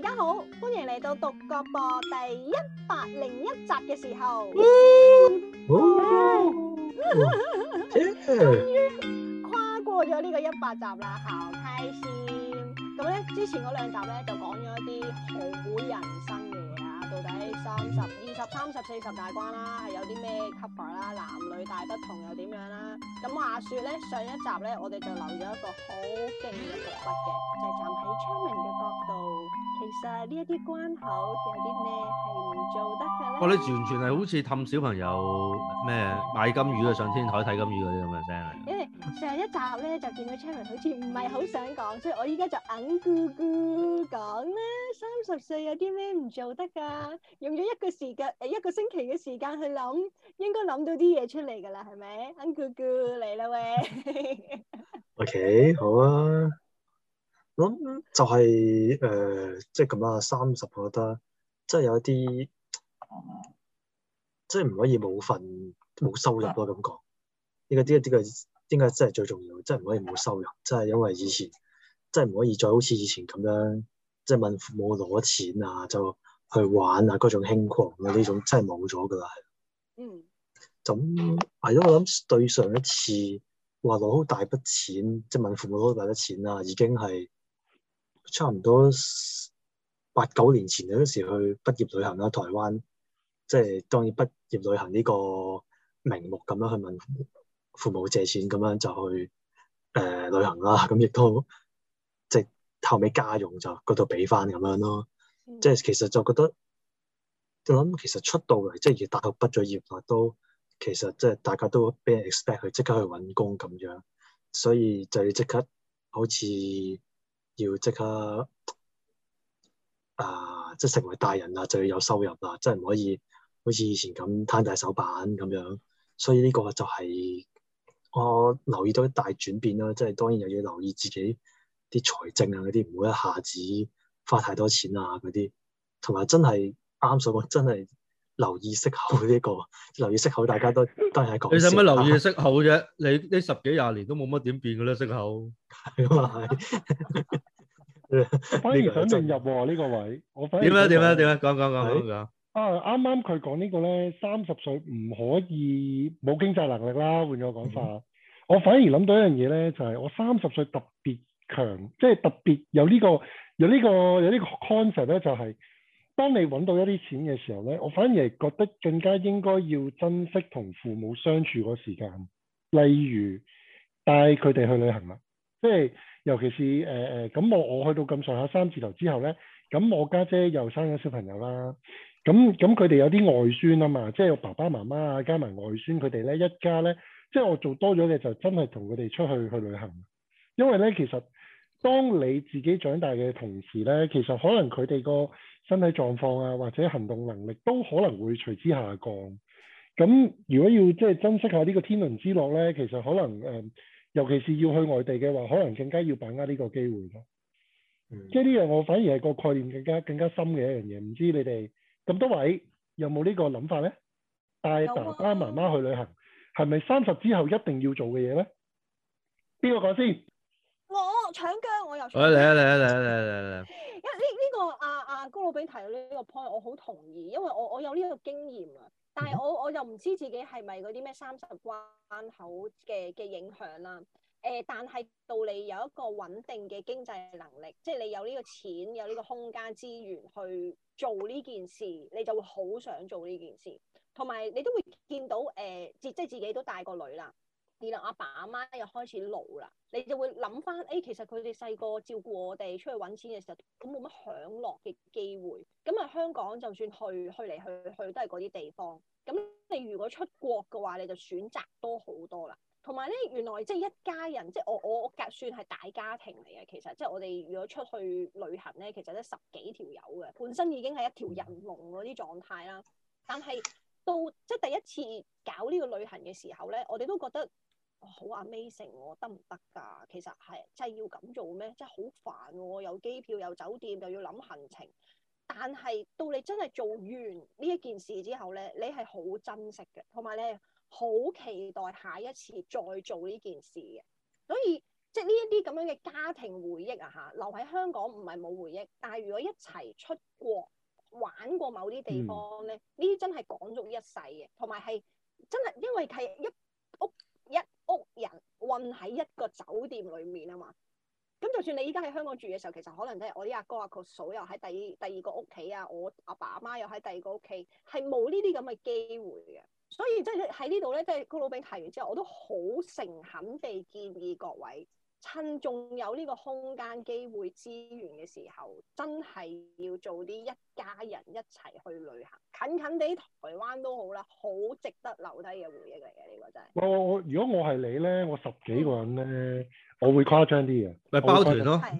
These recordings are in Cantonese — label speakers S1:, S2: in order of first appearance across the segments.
S1: 大家好，歡迎嚟到獨角播第一百零一集嘅時候，哇終於跨過咗呢個一百集啦，校梯先。咁咧，之前嗰兩集咧就講咗一啲紅館人生嘅嘢啊，到底三十、二十、三十、四十大關啦，係有啲咩 cover 啦，男女大不同又點樣啦？咁話說咧，上一集咧，我哋就留咗一個好勁嘅伏筆嘅，就係站喺昌明嘅。其實呢一啲關口有啲咩係唔
S2: 做得嘅咧？哇、哦！你完全係好似氹小朋友咩買金魚啊，上天台睇金魚嗰啲咁嘅聲嚟。因為
S1: 上一集咧就見到 Charmian 好似唔係好想講，所以我依家就硬咕咕講啦。三十歲有啲咩唔做得噶？用咗一個時間誒一個星期嘅時間去諗，應該諗到啲嘢出嚟噶啦，係咪？硬咕咕嚟啦喂。
S3: OK，好啊。我諗，嗯，就係誒，即係咁啊，三十我覺得即係有一啲，即係唔可以冇份冇收入咯。咁講呢個啲呢啲嘅，點解真係最重要？真係唔可以冇收入，真係因為以前真係唔可以再好似以前咁樣，即係問父母攞錢啊，就去玩啊，嗰種輕狂嘅呢種真係冇咗噶啦。係嗯，咁係咯，我諗對上一次話攞好大筆錢，即係問父母攞大筆錢啊，已經係。差唔多八九年前嗰時去畢業旅行啦，台灣即係當然畢業旅行呢個名目咁樣去問父母，父母借錢咁樣就去誒、呃、旅行啦，咁亦都即係後尾家用就嗰度俾翻咁樣咯。嗯、即係其實就覺得，就諗其實出道嚟，即係大學畢咗業啦，都其實即係大家都俾人 expect 去即刻去揾工咁樣，所以就要即刻好似。要即刻啊、呃，即係成為大人啦，就要有收入啦，即係唔可以好似以前咁攤大手板咁樣。所以呢個就係、是、我留意到一大轉變啦。即係當然又要留意自己啲財政啊嗰啲，唔好一下子花太多錢啊嗰啲，同埋真係啱所講真係。留意息口呢、這個，留意息口大家都都係講。你使乜留
S2: 意息口啫？ 你呢十幾廿年都冇乜點變㗎啦，息口。
S4: 反而想入喎呢個位，我反而點樣點樣點樣講講講講講。哎、啊啱啱佢講個呢個咧，三十歲唔可以冇經濟能力啦，換咗講法。嗯、我反而諗到一樣嘢咧，就係、是、我三十歲特別強，即、就、係、是、特別有呢、這個有呢、這個有呢、這個這個、個 concept 咧、就是，就係。當你揾到一啲錢嘅時候咧，我反而係覺得更加應該要珍惜同父母相處嗰時間。例如帶佢哋去旅行啦，即係尤其是誒誒，咁、呃呃、我我去到咁上下三字頭之後咧，咁我家姐，姐又生咗小朋友啦，咁咁佢哋有啲外孫啊嘛，即係爸爸媽媽啊加埋外孫佢哋咧，一家咧，即係我做多咗嘅就真係同佢哋出去去旅行，因為咧其實。當你自己長大嘅同時咧，其實可能佢哋個身體狀況啊，或者行動能力都可能會隨之下降。咁如果要即係珍惜下呢個天倫之樂咧，其實可能誒，呃，尤其是要去外地嘅話，可能更加要把握呢個機會咯。嗯。即係呢樣我反而係個概念更加更加深嘅一樣嘢，唔知你哋咁多位有冇呢個諗法咧？帶爸爸媽媽去旅行，係咪三十之後一定要做嘅嘢咧？邊個講先？
S1: 我搶姜，我又，嚟啊嚟啊
S4: 嚟啊嚟、啊、因呢
S1: 呢、這個阿阿、啊、高老比提到呢個 point，我好同意，因為我我有呢個經驗啊。但係我我又唔知自己係咪嗰啲咩三十關口嘅嘅影響啦。誒、呃，但係到你有一個穩定嘅經濟能力，即係你有呢個錢，有呢個空間資源去做呢件事，你就會好想做呢件事。同埋你都會見到誒、呃，即係自己都大個女啦。而令阿爸阿媽咧又開始老啦，你就會諗翻，誒，其實佢哋細個照顧我哋出去揾錢嘅時候，都冇乜享樂嘅機會。咁啊，香港就算去去嚟去去都係嗰啲地方。咁你如果出國嘅話，你就選擇多好多啦。同埋咧，原來即係一家人，即係我我我算係大家庭嚟嘅。其實即係我哋如果出去旅行咧，其實咧十幾條友嘅，本身已經係一條人龍嗰啲狀態啦。但係到即係第一次搞呢個旅行嘅時候咧，我哋都覺得。好、oh, amazing 喎，得唔得㗎？其實係，真係要咁做咩？真係好煩喎，啊，又機票又酒店，又要諗行程。但係到你真係做完呢一件事之後咧，你係好珍惜嘅，同埋你好期待下一次再做呢件事嘅。所以即係呢一啲咁樣嘅家庭回憶啊，嚇留喺香港唔係冇回憶，但係如果一齊出國玩過某啲地方咧，呢啲、嗯、真係講咗一世嘅，同埋係真係因為係一。屋人混喺一個酒店裏面啊嘛，咁就算你依家喺香港住嘅時候，其實可能都係我啲阿哥阿哥，哥，哥嫂又喺第二第二個屋企啊，我阿爸阿媽又喺第二個屋企，係冇呢啲咁嘅機會嘅，所以即係喺呢度咧，即係高老餅提完之後，我都好誠懇地建議各位。趁仲有呢個空間、機會、資源嘅時候，真係要做啲一,一家人一齊去旅行，近近地台灣都好啦，好值得留低嘅回憶嚟嘅呢
S4: 個真係。我如果我係你咧，我十幾個人咧，我會誇張啲嘅，咪包團咯、啊。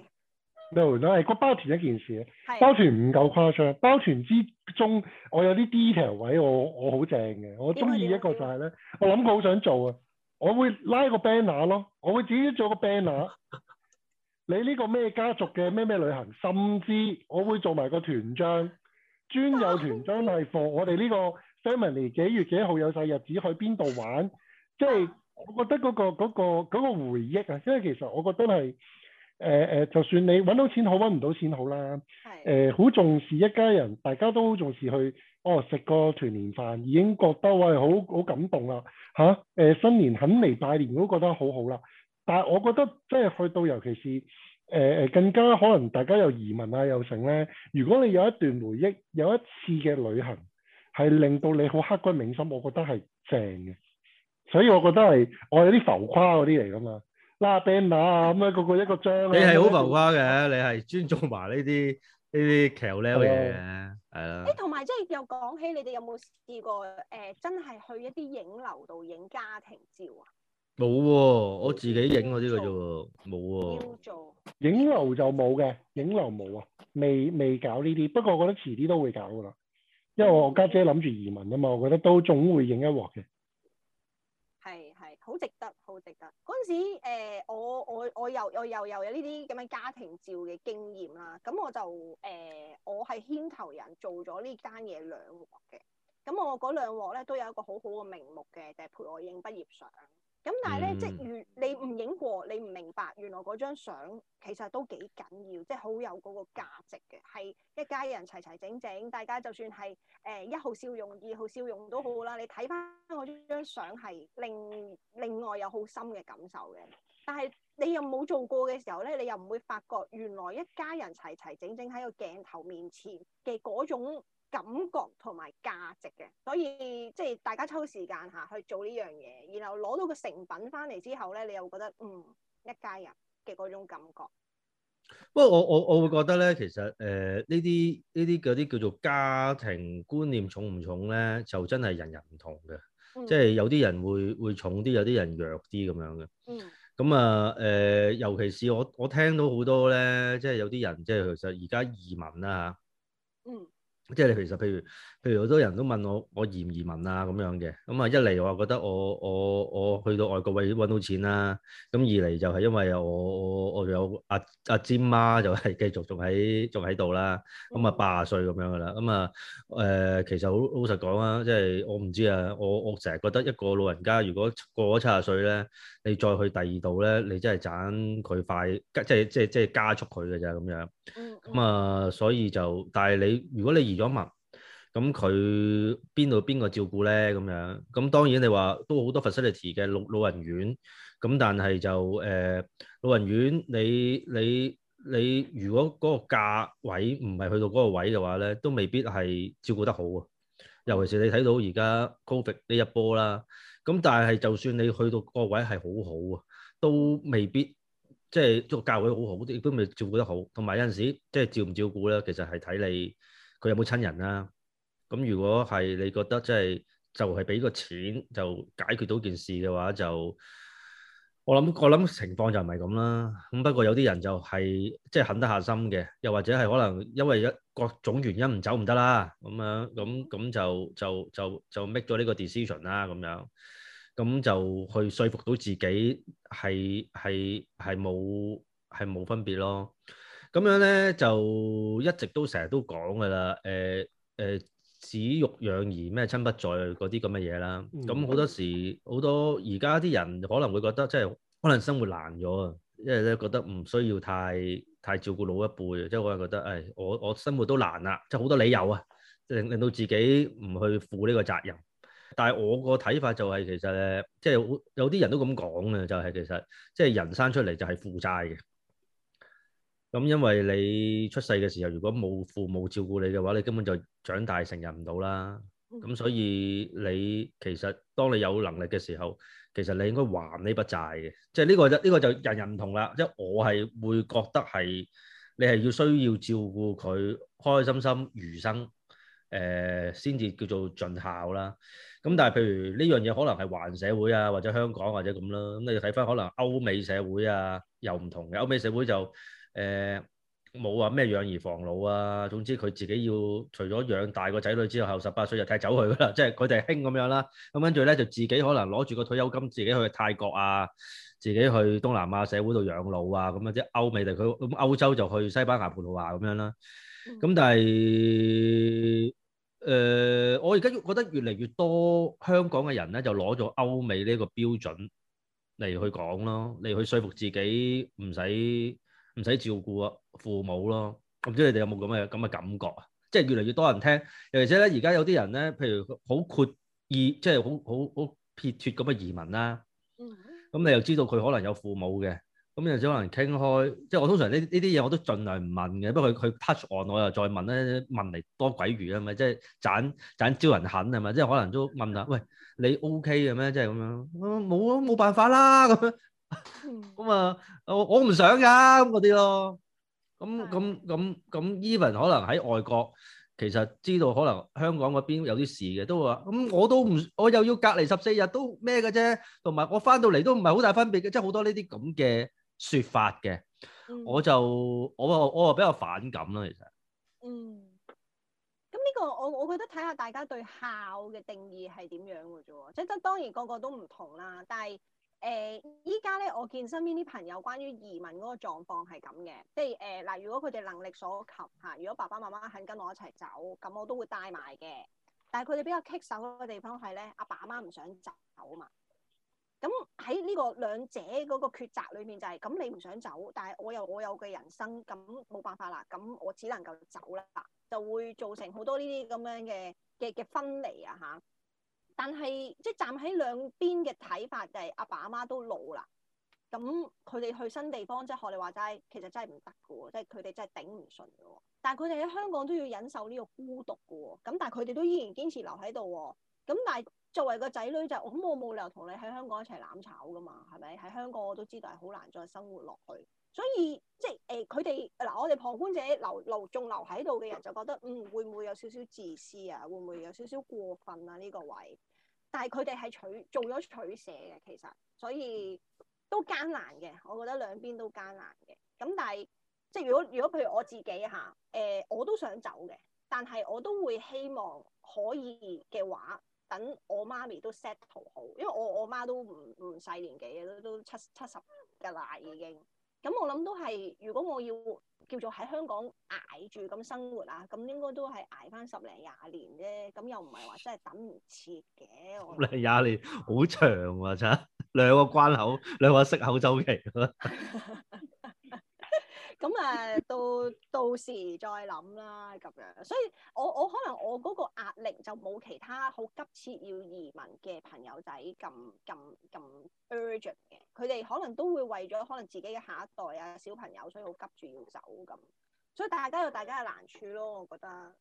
S4: No 啦，個的包團一件事，包團唔夠誇張。包團之中，我有啲 detail 位我，我我好正嘅，我中意一個就係咧，啊、我諗佢好想做啊。我會拉個 banner 咯，我會自己做個 banner。你呢個咩家族嘅咩咩旅行，甚至我會做埋個團章，專有團章係 for。我哋呢個 family 幾月幾號有晒日子去邊度玩？即係我覺得嗰個嗰個嗰個回憶啊，即係其實我覺得係誒誒，就算你揾到錢好，揾唔到錢好啦。係誒，好重視一家人，大家都好重視去。哦，食過團年飯已經覺得我係好好感動啦嚇！誒、啊呃、新年肯嚟拜年都覺得好好啦。但係我覺得即係去到，尤其是誒誒、呃、更加可能大家又移民啊又成咧。如果你有一段回憶，有一次嘅旅行係令到你好刻骨銘心，我覺得係正嘅。所以我覺得係我有啲浮誇嗰啲嚟㗎嘛，嗱、啊，阿 Ben 啊咁樣個個一個
S2: 張、啊，你係好浮誇嘅，你係尊重埋呢啲。呢啲奇好叻嘅嘢嘅，係啦。誒，
S1: 同埋即係又講起，你哋有冇試過誒真係去一啲影樓度影家庭照啊？
S4: 冇喎，我自己影嗰啲嚟啫喎，冇
S2: 喎。要
S1: 做
S4: 影樓就冇嘅，影樓冇啊，未未搞呢啲。不過我覺得遲啲都會搞噶啦，因為我家姐諗住移民啊嘛，我覺得都總會影一鑊嘅。
S1: 好值得，好值得嗰陣時、呃、我我我又我又又有呢啲咁樣家庭照嘅經驗啦。咁我就誒、呃，我係牽頭人做咗呢間嘢兩鑊嘅。咁我嗰兩鑊咧都有一個好好嘅名目嘅，就係、是、陪我影畢業相。咁、嗯、但係咧，即係如你唔影過，你唔明白原來嗰張相其實都幾緊要，即係好有嗰個價值嘅，係一家人齊齊整整，大家就算係誒、呃、一號笑容、二號笑容都好啦。你睇翻我呢張相係另另外有好深嘅感受嘅，但係你又冇做過嘅時候咧，你又唔會發覺原來一家人齊齊整整喺個鏡頭面前嘅嗰種。感覺同埋價值嘅，所以即係、就是、大家抽時間吓去做呢樣嘢，然後攞到個成品翻嚟之後咧，你又覺得嗯，一家人嘅嗰種感覺。
S2: 不過我我我會覺得咧，其實誒呢啲呢啲嗰啲叫做家庭觀念重唔重咧，就真係人人唔同嘅，即係、嗯、有啲人會會重啲，有啲人弱啲咁樣嘅。嗯。咁啊，誒、呃，尤其是我我聽到好多咧，即係有啲人即係其實而家移民啦、啊、嗯。即係你其實譬如譬如，好多人都問我，我移唔移民啊？咁樣嘅。咁啊，一嚟我覺得我我我去到外國為揾到錢啦、啊、咁二嚟就係因為我我，我有阿阿詹媽就係繼續仲喺仲喺度啦，咁啊八十歲咁樣噶啦。咁啊，誒其實好老實講啊，即係我唔知啊，我我成日覺得一個老人家如果過咗七十歲咧，你再去第二度咧，你真係掙佢快即係即係即係加速佢嘅咋，咁樣。咁啊、嗯嗯嗯、所以就但係你如果你移咗文，咁佢邊度邊個照顧咧？咁樣咁當然你話都好多 facility 嘅老老人院，咁但係就誒、呃、老人院你你你如果嗰個價位唔係去到嗰個位嘅話咧，都未必係照顧得好啊。尤其是你睇到而家 COVID 呢一波啦，咁但係就算你去到嗰個位係好好啊，都未必即係個價位好好亦都未照顧得好。同埋有陣時即係照唔照顧咧，其實係睇你。佢有冇親人啦、啊？咁如果係你覺得即係就係俾個錢就解決到件事嘅話就，我我就我諗我諗情況就唔係咁啦。咁不過有啲人就係即係狠得下心嘅，又或者係可能因為一各種原因唔走唔得啦。咁樣咁咁就就就就 make 咗呢個 decision 啦。咁樣咁就去說服到自己係係係冇係冇分別咯。咁樣咧就一直都成日都講噶啦，誒、呃、誒、呃、子欲養而咩親不在嗰啲咁嘅嘢啦。咁好、嗯、多時好多而家啲人可能會覺得即係可能生活難咗啊，因為咧覺得唔需要太太照顧老一輩，即係我又覺得誒、哎、我我生活都難啦，即係好多理由啊，令令到自己唔去負呢個責任。但係我個睇法就係、是、其實咧，即係有啲人都咁講啊，就係、是、其實即係人生出嚟就係負債嘅。咁因為你出世嘅時候，如果冇父母照顧你嘅話，你根本就長大成人唔到啦。咁所以你其實當你有能力嘅時候，其實你應該還呢筆債嘅。即係呢個就呢個就人人唔同啦。即係我係會覺得係你係要需要照顧佢開開心心餘生，誒先至叫做盡孝啦。咁但係譬如呢樣嘢可能係華人社會啊，或者香港或者咁啦。咁你睇翻可能歐美社會啊又唔同嘅，歐美社會就～誒，冇話咩養兒防老啊，總之佢自己要除咗養大個仔女之後，十八歲就踢走佢啦，即係佢哋興咁樣啦。咁跟住咧，就自己可能攞住個退休金，自己去泰國啊，自己去東南亞社會度養老啊，咁、嗯、樣即係歐美地區，咁歐洲就去西班牙、葡萄牙咁樣啦，啊。咁、嗯嗯、但係誒、呃，我而家覺得越嚟越多香港嘅人咧，就攞咗歐美呢個標準嚟去講咯，嚟去說服自己唔使。唔使照顧啊父母咯，我唔知你哋有冇咁嘅咁嘅感覺啊？即係越嚟越多人聽，尤其且咧，而家有啲人咧，譬如好闊意，即係好好好撇脱咁嘅移民啦。嗯。咁你又知道佢可能有父母嘅，咁又可能傾開。即係我通常呢呢啲嘢我都盡量唔問嘅，不過佢佢 touch On 我又再問咧，問嚟多鬼餘啊咪？即係盞盞招人憎係咪？即係可能都問下，喂，你 OK 嘅咩？即係咁樣，冇啊冇、啊、辦法啦咁樣。咁啊，我我唔想噶咁嗰啲咯，咁咁咁咁，Even 可能喺外國，其實知道可能香港嗰邊有啲事嘅，都話咁我都唔，我又要隔離十四日都咩嘅啫，同埋我翻到嚟都唔係好大分別嘅，即係好多呢啲咁嘅說法嘅，
S1: 我就
S2: 我我我比較反感啦，其實，嗯，
S1: 咁呢個我我覺得睇下大家對孝嘅定義係點樣嘅啫，即係當然個個都唔同啦，但係。誒，依家咧我見身邊啲朋友關於移民嗰個狀況係咁嘅，即係誒嗱，如果佢哋能力所及嚇、啊，如果爸爸媽媽肯跟我一齊走，咁我都會帶埋嘅。但係佢哋比較棘手嘅地方係咧，阿爸阿媽唔想走啊嘛。咁喺呢個兩者嗰個抉擇裏面就係、是，咁你唔想走，但係我有我有嘅人生，咁冇辦法啦，咁我只能夠走啦，就會造成好多呢啲咁樣嘅嘅嘅分離啊嚇。但係即係站喺兩邊嘅睇法就係阿爸阿媽都老啦，咁佢哋去新地方即係學你話齋，其實真係唔得㗎喎，即係佢哋真係頂唔順㗎喎。但係佢哋喺香港都要忍受呢個孤獨㗎喎，咁但係佢哋都依然堅持留喺度喎。咁但係作為個仔女就，咁我冇理由同你喺香港一齊攬炒㗎嘛，係咪？喺香港我都知道係好難再生活落去，所以即係誒佢哋嗱我哋旁觀者留留仲留喺度嘅人就覺得，嗯會唔會有少少自私啊？會唔會有少少過分啊？呢個位？但係佢哋係取做咗取捨嘅，其實所以都艱難嘅。我覺得兩邊都艱難嘅。咁但係即係如果如果譬如我自己嚇，誒、啊呃、我都想走嘅，但係我都會希望可以嘅話，等我媽咪都 settle 好，因為我我媽都唔唔細年紀嘅，都都七七十㗎喇已經。咁我諗都係，如果我要叫做喺香港挨住咁生活啊，咁應該都係挨翻十零廿年啫。咁又唔係話真係等唔切嘅。十
S2: 零廿年好長喎、啊，咋兩個關口，兩個息口周期。
S1: 誒 到到時再諗啦，咁樣，所以我我可能我嗰個壓力就冇其他好急切要移民嘅朋友仔咁咁咁 urgent 嘅，佢哋可能都會為咗可能自己嘅下一代啊，小朋友，所以好急住要走咁，所以大家有大家嘅難處咯，我覺得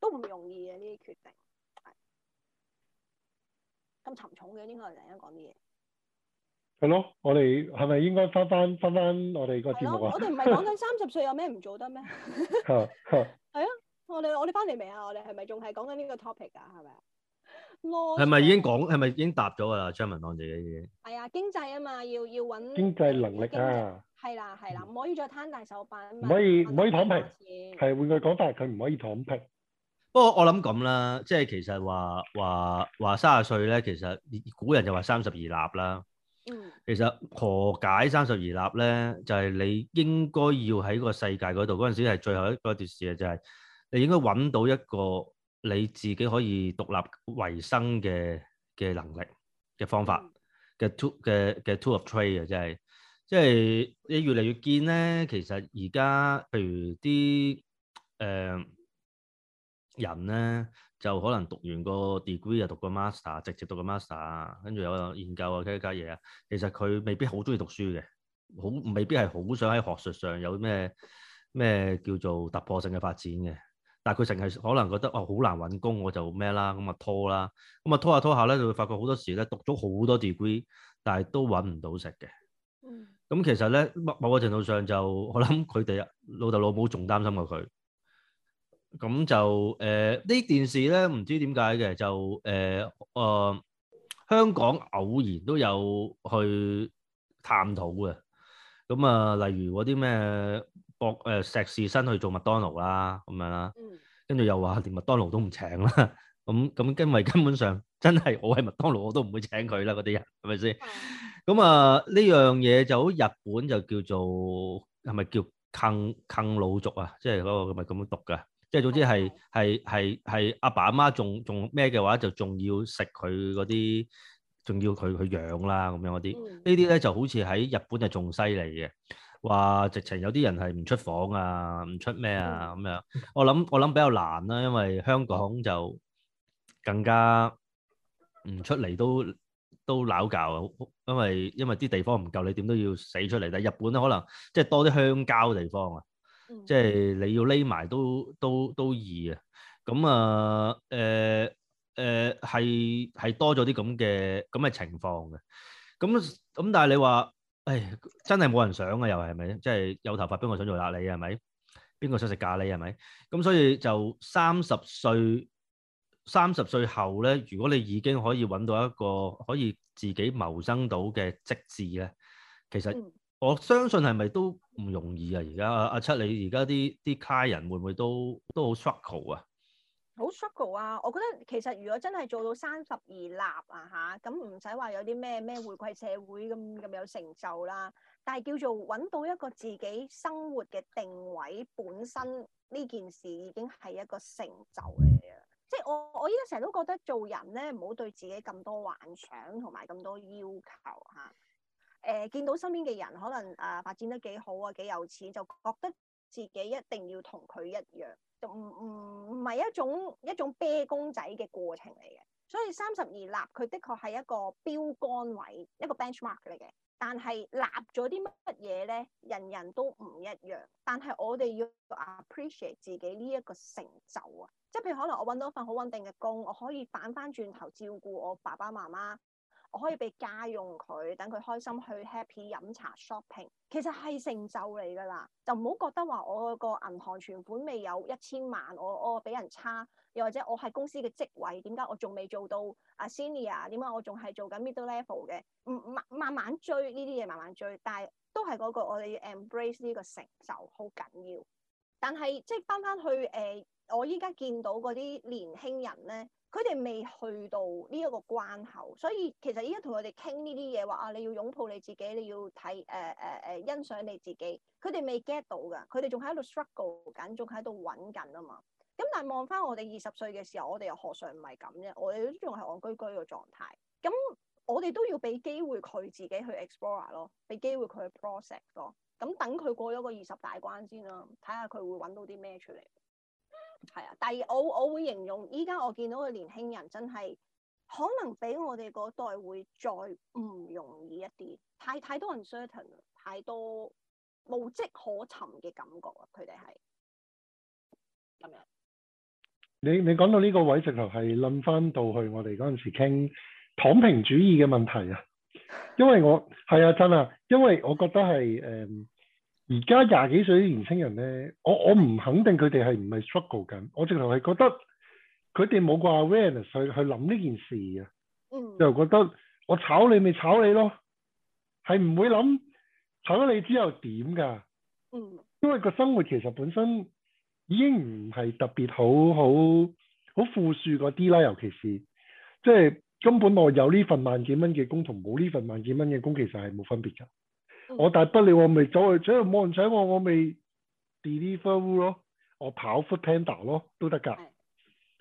S1: 都唔容易啊呢啲決定，係咁沉重嘅，應該係第一講啲嘢。
S4: 係咯，我哋係咪應該翻翻翻翻我哋個節目啊？我哋唔係講緊三
S1: 十歲有咩唔做得咩？係 啊，我哋我哋翻嚟未啊？我哋係咪仲係講緊呢個 topic 啊？係咪啊？係咪已經
S2: 講？係咪已經答咗噶啦？張文
S4: 檔自己已經係啊，經
S1: 濟啊嘛，要要揾經濟能力啊，係啦係啦，唔可以再攤大手板，唔、嗯、可以唔可以躺平。
S4: 係換先句話講，法？佢唔可以躺平。
S2: 不過我諗咁啦，即係其實話話話三十歲咧，其實古人就話三十而立啦。其實何解三十而立咧？就係、是、你應該要喺個世界嗰度嗰陣時係最後一個段時嘅就係、是，你應該揾到一個你自己可以獨立維生嘅嘅能力嘅方法嘅 two 嘅嘅 two of trade 嘅就係、是，即、就、係、是、你越嚟越見咧，其實而家譬如啲誒、呃、人咧。就可能讀完個 degree 又讀個 master，直接讀個 master，跟住有研究啊，其他嘢啊。其實佢未必好中意讀書嘅，好未必係好想喺學術上有咩咩叫做突破性嘅發展嘅。但係佢成日可能覺得哦，好難揾工，我就咩啦，咁啊拖啦，咁啊拖下拖下咧，就會發覺好多時咧讀咗好多 degree，但係都揾唔到食嘅。咁其實咧某個程度上就我諗佢哋老豆老母仲擔心過佢。咁就誒呢件事咧，唔知點解嘅就誒誒香港偶然都有去探討嘅。咁啊，例如嗰啲咩博誒碩士生去做麥當勞啦，咁樣啦，跟住又話連麥當勞都唔請啦。咁咁因為根本上真係我係麥當勞，我都唔會請佢啦。嗰啲人係咪先？咁啊，呢樣嘢就好日本就叫做係咪叫啃啃老族啊？即係嗰個係咪咁樣讀㗎？即係總之係係係係阿爸阿媽仲仲咩嘅話就仲要食佢嗰啲，仲要佢去養啦咁樣嗰啲。呢啲咧就好似喺日本係仲犀利嘅，話直情有啲人係唔出房啊，唔出咩啊咁樣。我諗我諗比較難啦，因為香港就更加唔出嚟都都鬧交，因為因為啲地方唔夠，你點都要死出嚟。但係日本咧可能即係多啲鄉郊地方啊。即係你要匿埋都都都易啊！咁啊，誒誒係係多咗啲咁嘅咁嘅情況嘅。咁咁但係你話，誒真係冇人想啊，又係咪？即係有頭髮邊個想做癩痢係咪？邊個想食咖喱係咪？咁所以就三十歲三十歲後咧，如果你已經可以揾到一個可以自己謀生到嘅職志咧，其實。嗯我相信係咪都唔容易啊？而家阿七，你而家啲啲卡人會唔會都都好 struggle 啊？
S1: 好 struggle 啊！我覺得其實如果真係做到三十而立啊吓，咁唔使話有啲咩咩回饋社會咁咁有成就啦。但係叫做搵到一個自己生活嘅定位，本身呢件事已經係一個成就嚟嘅。即係我我依家成日都覺得做人咧，唔好對自己咁多幻想同埋咁多要求吓。啊誒見到身邊嘅人可能啊、呃、發展得幾好啊，幾有錢，就覺得自己一定要同佢一樣，就唔唔唔係一種一種啤公仔嘅過程嚟嘅。所以三十而立，佢的確係一個標杆位，一個 benchmark 嚟嘅。但係立咗啲乜嘢咧？人人都唔一樣。但係我哋要 appreciate 自己呢一個成就啊，即係譬如可能我揾到一份好穩定嘅工，我可以反翻轉頭照顧我爸爸媽媽。我可以俾家用佢，等佢開心去 happy 飲茶 shopping，其實係成就嚟噶啦，就唔好覺得話我個銀行存款未有一千萬，我我俾人差，又或者我係公司嘅職位，點解我仲未做到啊 senior？點解我仲係做緊 middle level 嘅？嗯，慢慢慢追呢啲嘢，慢慢追，慢慢追，但係都係嗰個我哋要 embrace 呢個成就好緊要。但係即係翻翻去誒、呃，我依家見到嗰啲年輕人咧。佢哋未去到呢一個關口，所以其實依家同佢哋傾呢啲嘢，話啊你要擁抱你自己，你要睇誒誒誒欣賞你自己。佢哋未 get 到嘅，佢哋仲喺度 struggle 緊，仲喺度揾緊啊嘛。咁但係望翻我哋二十歲嘅時候，我哋又何嘗唔係咁啫？我哋都仲係戇居居嘅狀態。咁我哋都要俾機會佢自己去 explore 咯，俾機會佢去 process 咯。咁等佢過咗個二十大關先啦，睇下佢會揾到啲咩出嚟。係啊，但係我我會形容依家我見到嘅年輕人真係可能比我哋嗰代會再唔容易一啲，太太多 uncertain 啊，太多無跡可尋嘅感覺啊，佢哋係
S4: 咁樣。你你講到呢個位，直頭係諗翻到去我哋嗰陣時傾躺平主義嘅問題啊，因為我係啊真啊，因為我覺得係誒。嗯而家廿幾歲啲年青人咧，我我唔肯定佢哋係唔係 struggle 緊，我直頭係覺得佢哋冇個 awareness 去去諗呢件事啊，就覺得我炒你咪炒你咯，係唔會諗炒咗你之後點㗎？嗯，因為個生活其實本身已經唔係特別好好好富庶嗰啲啦，尤其是即係根本我有呢份萬幾蚊嘅工同冇呢份萬幾蚊嘅工其實係冇分別㗎。 我大不了我咪走去，走去冇人請我，我咪 deliver 咯，我跑 Food Panda 咯，都得㗎。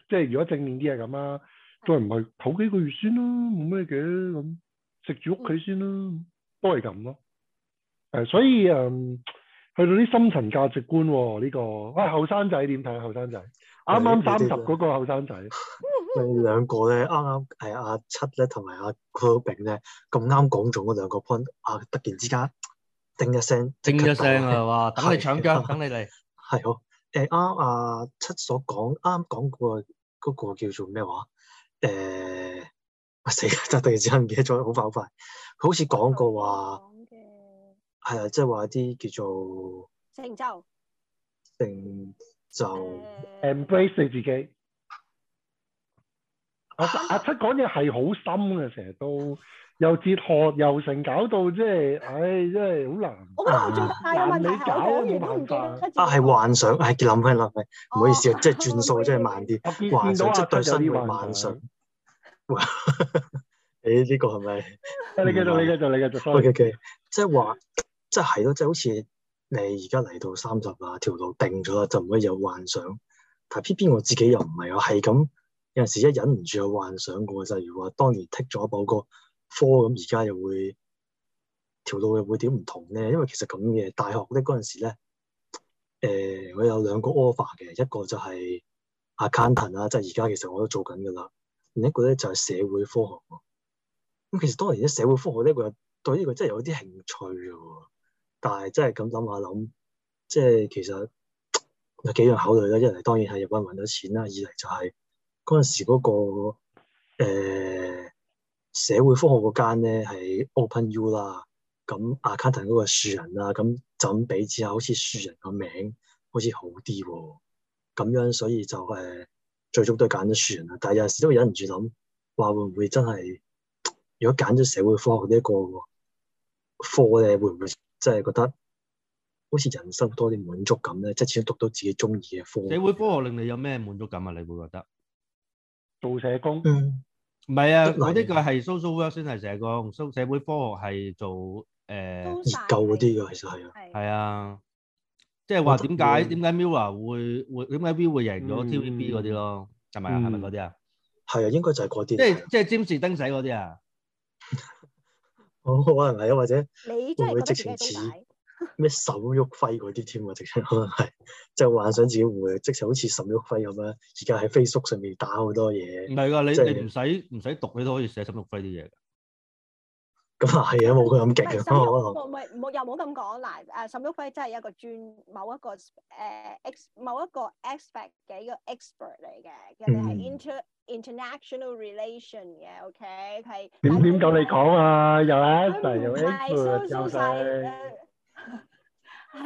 S4: 即係如果正面啲係咁啊，再唔係唞幾個月先啦、啊，冇咩嘅咁，食住屋企先啦、啊，都係咁咯。誒、呃，所以誒，去、嗯、到啲深層價值觀喎、
S3: 啊、呢、這個，喂
S4: 後生仔點睇後生仔？啱啱三十嗰個
S3: 後生仔，你兩個咧啱啱係阿七咧同埋阿郭炳咧咁啱講咗嗰兩個 point，啊突然之間，叮一聲，叮一聲
S2: 啊，哇，等你搶腳，等
S3: 你嚟，係好，誒啱阿七所講啱講過嗰個叫做咩話，誒，死啦，突然之間唔記得咗，好快好快，佢好似講過話，講係啊，即係話啲叫做
S1: 成就，
S3: 成。就 embrace 你自己。
S4: 阿七阿七講嘢係好深嘅，成日都又哲學又成搞到，即係，唉，真係
S1: 好難。我你搞
S3: 冇辦法，啊，係幻想，係諗緊諗唔好意思、哦、即係轉數，即係、嗯、慢啲。幻想即對生命，幻想。誒，呢、這個係咪、啊？你繼續，你繼續，你繼續。O.K.，即係話 即 oo，即係係咯，即係好似。你而家嚟到三十啊，條路定咗啦，就唔可以有幻想。但偏偏我自己又唔係啊，係咁有陣時一忍唔住有幻想過就係，如話當年剔咗某個科，咁而家又會條路又會點唔同咧？因為其實咁嘅大學咧嗰陣時咧，誒、呃、我有兩個 offer 嘅，一個就係 accountant 啦，即係而家其實我都做緊㗎啦。另一個咧就係社會科學。咁其實當年啲社會科學呢，我對呢個真係有啲興趣嘅喎。但係真係咁諗下諗，即係其實有幾樣考慮咧。一嚟當然係入班揾到錢啦；二嚟就係嗰陣時嗰、嗰個、欸、社會科學嗰間咧係 Open U 啦、啊。咁 accountant 嗰個樹仁啦，咁就咁比之下，好似樹仁個名好似好啲喎、哦。咁樣所以就誒最終都係揀咗樹仁啦。但係有陣時都忍唔住諗，話會唔會真係如果揀咗社會科學呢一個科咧，會唔會？即係覺得好似人生多啲滿足感咧，即係始終讀到自己中意嘅科。社
S2: 會科學令你有咩滿足感啊？你會覺得
S4: 做社工？唔
S2: 係啊，嗰啲嘅係 social work 先係社工，社社會科學係做誒研
S3: 究嗰啲㗎，其
S4: 實係啊。
S2: 係啊，即係話點解點解 Mirror 會會點解 ViuTV 會贏咗 TVB 嗰啲咯？係
S3: 咪啊？係咪嗰啲啊？係啊，應該就係嗰啲。即係即係 James 登仔嗰啲啊？哦，可能係啊，或者會唔會直情似咩沈玉輝嗰啲添啊？直情可能係即、就是、幻想自己會即情好似沈玉輝咁樣，而家喺 Facebook 上面打好多嘢。唔係㗎，就是、你你唔
S2: 使唔使讀，你都可以寫沈玉輝啲嘢㗎。咁、
S3: 嗯、啊，係啊，冇佢咁勁啊。冇冇冇，又
S1: 冇咁講嗱。阿沈玉輝真係一個專某一個誒、呃、x 某一個 e x p e c t 嘅一個 expert 嚟嘅，佢哋係 inter。嗯 international Rrelation 嘅，OK
S4: 係點點夠你講啊？又係，又係，又
S1: 係，係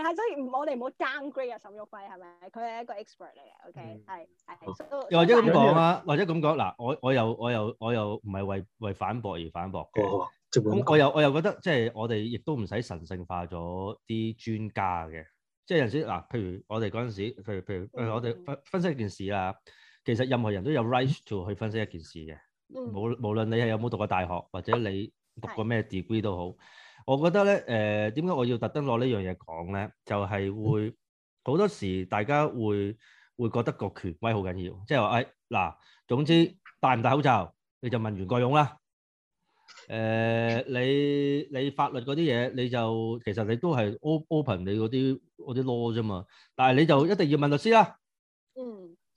S1: 啊！所以我哋唔好爭 grade 啊，沈玉輝係咪？佢係一個 expert 嚟嘅，OK 係係。又或者咁講啊？
S2: 或者咁講嗱？我我又我又我又唔係為為反駁而反駁嘅。咁我又我又覺得即係我哋亦都唔使神聖化咗啲專家嘅。即係有陣時嗱，譬如我哋嗰陣時，譬如譬如誒，我哋分分析一件事啊。其實任何人都有 right to 去分析一件事嘅、嗯，無無論你係有冇讀過大學或者你讀過咩 degree 都好。我覺得咧，誒點解我要特登攞呢樣嘢講咧？就係、是、會好多時大家會會覺得個權威好緊要，即係話誒嗱，總之戴唔戴口罩你就問袁國勇啦。誒、呃、你你法律嗰啲嘢你就其實你都係 open 你嗰啲啲 law 啫嘛，但係你就一定要問律師啦。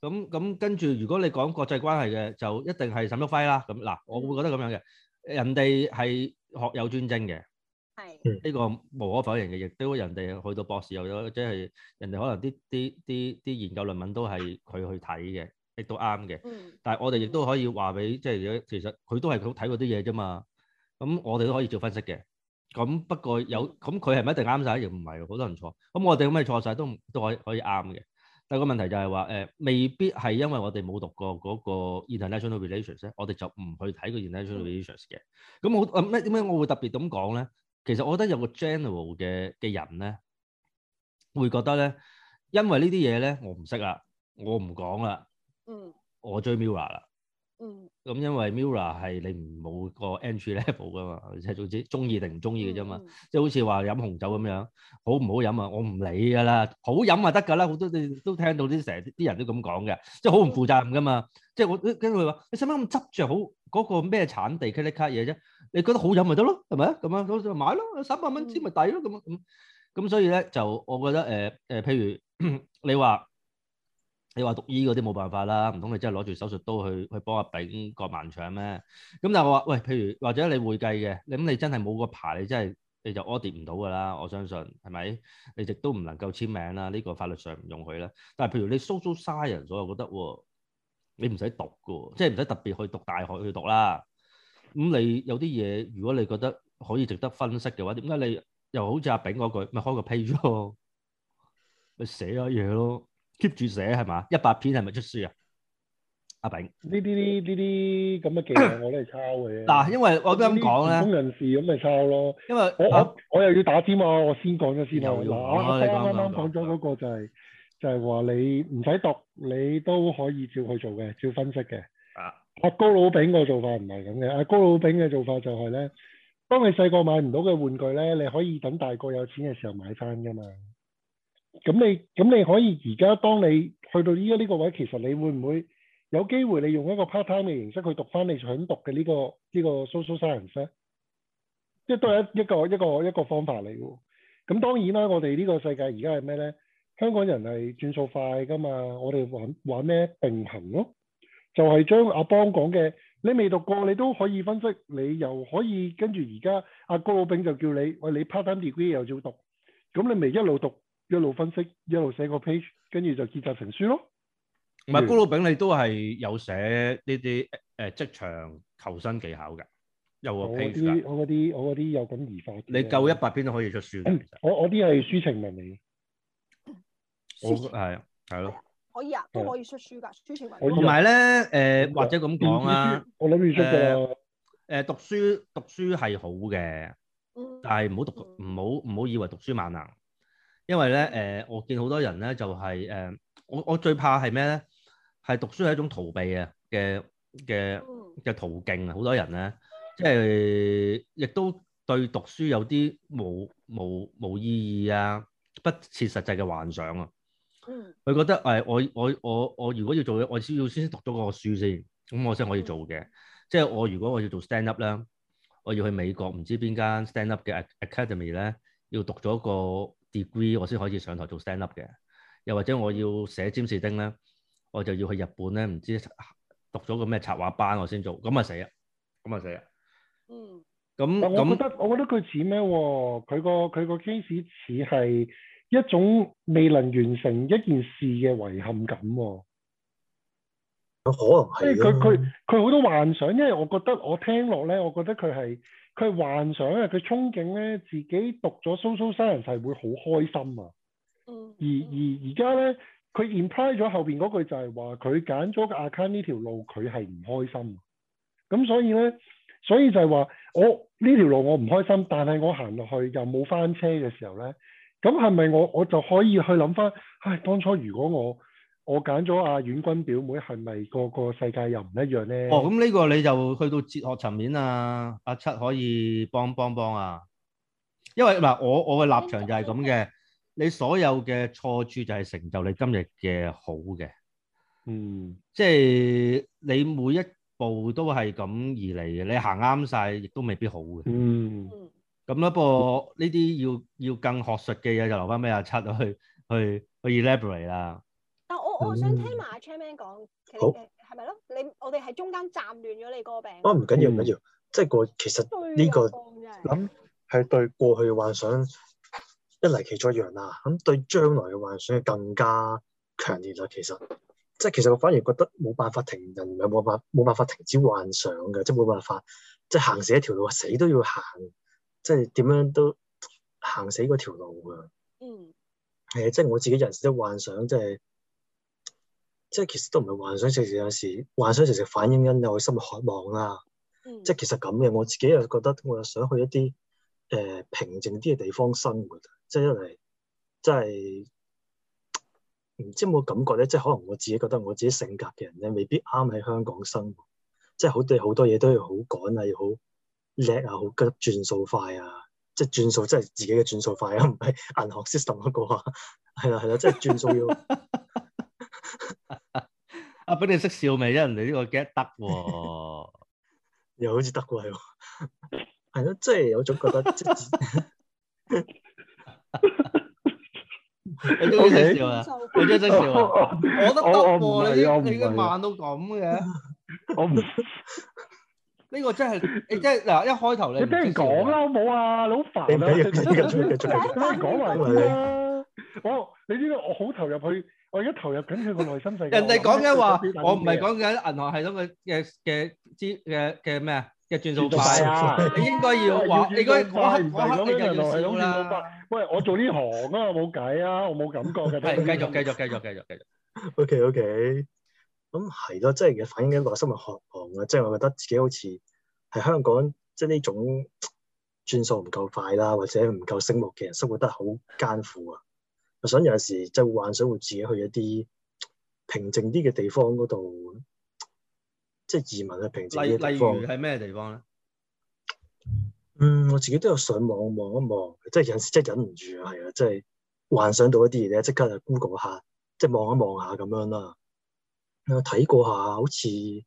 S2: 咁咁跟住，嗯嗯、如果你講國際關係嘅，就一定係沈旭暉啦。咁、嗯、嗱，我會覺得咁樣嘅，人哋係學有專精嘅，係呢是個無可否認嘅，亦都人哋去到博士又有，即係人哋可能啲啲啲啲研究論文都係佢去睇嘅，亦都啱嘅。嗯、但係我哋亦都可以話俾即係，其實佢都係好睇過啲嘢啫嘛。咁、嗯、我哋都可以做分析嘅。咁不過有咁佢係咪一定啱晒，亦唔係好多人錯。咁我哋咁咪錯晒，都都可以可以啱嘅。有個問題就係話誒，未必係因為我哋冇讀過嗰個 international relations 咧，我哋就唔去睇個 international relations 嘅。咁、嗯、我誒咩點解我會特別咁講咧？其實我覺得有個 general 嘅嘅人咧，會覺得咧，因為呢啲嘢咧，我唔識啊，我唔講啦。
S3: 嗯。
S2: 我追 MIRROR 啦。咁、嗯嗯、因為 Mira 係你唔冇個 entry level 噶嘛，即係總之中意定唔中意嘅啫嘛，即係、嗯、好似話飲紅酒咁樣，好唔好飲啊？我唔理噶啦，好飲咪得噶啦，好多你都聽到啲成日啲人都咁講嘅，即係好唔負責任噶嘛，即係我跟住佢話，你使乜咁執着，好嗰個咩產地 quality 嘅嘢啫，你覺得好飲咪得咯，係咪啊？咁啊，咁就買咯，三百蚊支咪抵咯，咁咁咁，樣，所以咧就我覺得誒誒、呃呃，譬如 你話。你話讀醫嗰啲冇辦法啦，唔通你真係攞住手術刀去去幫阿炳割盲腸咩？咁但係我話，喂，譬如或者你會計嘅，咁你真係冇個牌，你真係你就 audit 唔到㗎啦。我相信係咪？你亦都唔能夠簽名啦。呢個法律上唔容許啦。但係譬如你 social science，我又覺得喎，你唔使讀噶，即係唔使特別去讀大學去讀啦。咁你有啲嘢，如果你覺得可以值得分析嘅話，點解你又好似阿炳嗰句，咪開個 page 咪寫咗嘢咯？keep 住寫係嘛，一百篇係咪出書啊？
S4: 阿炳呢啲呢啲咁嘅技巧我都係抄嘅嗱， 因為我咁講咧，工人事咁咪抄咯。因為我我我,我又要打尖啊，我先講咗先講啊。我啱啱講咗嗰個就係、是嗯、就係話你唔使讀，嗯、你都可以照去做嘅，照分析嘅、啊啊。啊。阿高佬餅個做法唔係咁嘅，阿高佬餅嘅做法就係咧，當你細個買唔到嘅玩具咧，你可以等大個有錢嘅時候買翻噶嘛。咁你咁你可以而家當你去到依家呢個位，其實你會唔會有機會你用一個 part time 嘅形式去讀翻你想讀嘅呢個呢個 social science 咧？即係都係一一個一個一個方法嚟嘅。咁當然啦，我哋呢個世界而家係咩咧？香港人係轉數快㗎嘛，我哋玩玩咩並行咯？就係將阿邦講嘅，你未讀過你都可以分析，你又可以跟住而家阿高老炳就叫你喂你 part time degree 又照讀，咁你咪一路讀。一路分析，一路寫個 page，跟住就結集成書咯。唔係、嗯、高老
S2: 餅，你都係有寫呢啲誒職場求生技巧嘅，有個 page
S4: 我嗰啲，我嗰啲有咁愉快。你夠一百篇都可以出書。嗯、我我啲係抒情文嚟嘅。我係係咯，嗯、可以啊，都
S1: 可以出書噶抒情文。同
S2: 埋咧，誒、呃嗯、或者咁講啊，誒、呃，我諗住出嘅，讀書讀書係好嘅，但係唔好讀，唔好唔好以為讀，讀書萬能。因為咧，誒、呃，我見好多人咧，就係、是、誒、呃，我我最怕係咩咧？係讀書係一種逃避啊嘅嘅嘅途徑啊。好多人咧，即係亦都對讀書有啲冇無無無意義啊、不切實際嘅幻想啊。佢覺得誒、呃，我我我我如果要做，我先要先讀咗嗰個書先，咁我先可以做嘅。即係我如果我要做 stand up 咧，我要去美國唔知邊間 stand up 嘅 academy 咧，要讀咗個 degree 我先可以上台做 stand up 嘅，又或者我要寫占士丁咧，我就要去日本咧，唔知讀咗個咩策劃班我先做，咁啊死啊，咁啊死啊，嗯，咁，但係我
S4: 覺得我覺得佢似咩喎？佢個佢個 case 似係一種未能完成一件事嘅遺憾感喎、哦。可能係，佢佢佢好多幻想，因為我覺得我聽落咧，我覺得佢係佢係幻想啊，佢憧憬咧自己讀咗 social science 會好開心啊，而而而家咧佢 imply 咗後邊嗰句就係話佢揀咗個 account 呢條路佢係唔開心，咁所以咧，所以就係話我呢條路我唔開心，但係我行落去又冇翻車嘅時候咧，咁係咪我我就可以去諗翻唉當初如果我我揀咗阿婉君表妹，係咪個個世界又唔一樣咧？哦，咁
S2: 呢個你就去到哲學層面啦。阿七可以幫幫幫啊，因為嗱，我我嘅立場就係咁嘅。你所有嘅錯處就係成就你今日嘅好嘅。
S3: 嗯，
S2: 即係你每一步都係咁而嚟嘅，你行啱晒亦都未必好嘅。嗯，咁不過呢啲要要更學術嘅嘢就留翻俾阿七去
S3: 去去 elaborate 啦。
S1: 哦、我我想聽埋阿、啊、Chairman 講，其實係咪咯，你我哋喺中間暫亂咗你個病啊。哦，
S3: 唔緊要唔緊要，係嗯、即係個其實呢、這
S1: 個諗
S3: 係是對過去嘅幻想一嚟其實一樣啦。咁、嗯、對將來嘅幻想更加強烈啦。其實即係其實我反而覺得冇辦法停人，人冇冇冇辦法停止幻想嘅，即係冇辦法即係行死一條路，死都要行，即係點樣都行死嗰條路㗎。嗯，係啊，嗯，即係我自己有時都幻想即、就、係、是。即係其實都唔係幻想，成時有時幻想，成時反映緊，有啲心裏渴望啊。即係、嗯、其實咁嘅，我自己又覺得我又想去一啲誒、呃、平靜啲嘅地方生活。即係因為，即係唔知有冇感覺咧。即係可能我自己覺得我自己性格嘅人咧，未必啱喺香港生活。即係好多好多嘢都要好趕啊，要好叻啊，好急轉數快啊。即係轉數，即係自己嘅轉數快啊，唔係銀行 system 嗰個啊。係啦係啦，即係轉數要。 阿斌，你識笑未？因
S2: 為你呢個 get 得喎，又好似得過喎，
S3: 係咯，即係有種覺得，你中意識笑啊？我中意識笑啊！我都得喎，你你嘅慢
S2: 到咁嘅，
S4: 我唔
S2: 呢個真係，誒，即係嗱，一開頭你你不如講
S4: 啦，好冇啊？你好煩啊！你而家出嚟做咩？講埋啦，我你呢個我好投入去。我而家投入緊佢個內心世界。人哋講緊話，我唔係講
S2: 緊銀行系統嘅嘅嘅之嘅嘅咩嘅轉數快啊！你應該要話，你該快唔快？原來係咁啦。
S4: 喂，我做呢行啊，我冇計啊，我冇
S2: 感
S3: 覺嘅。係繼續，繼續，繼續，繼續。O K O K，咁係咯，即係反映緊話生物學行啊，即係我覺得自己好似係香港，即係呢種轉數唔夠快啦，或者唔夠醒目嘅人，生活得好艱苦啊。我想有陣時就幻想會自己去一啲平靜啲嘅地方嗰度，即係移民去平靜啲嘅地方。例例如係
S2: 咩地方咧？嗯，
S3: 我自己都有上網望一望，即係有陣時真係忍唔住啊，係啊，真係幻想到一啲嘢咧，即刻就 Google 下，即係望一望下咁樣啦。啊，睇過下，好似一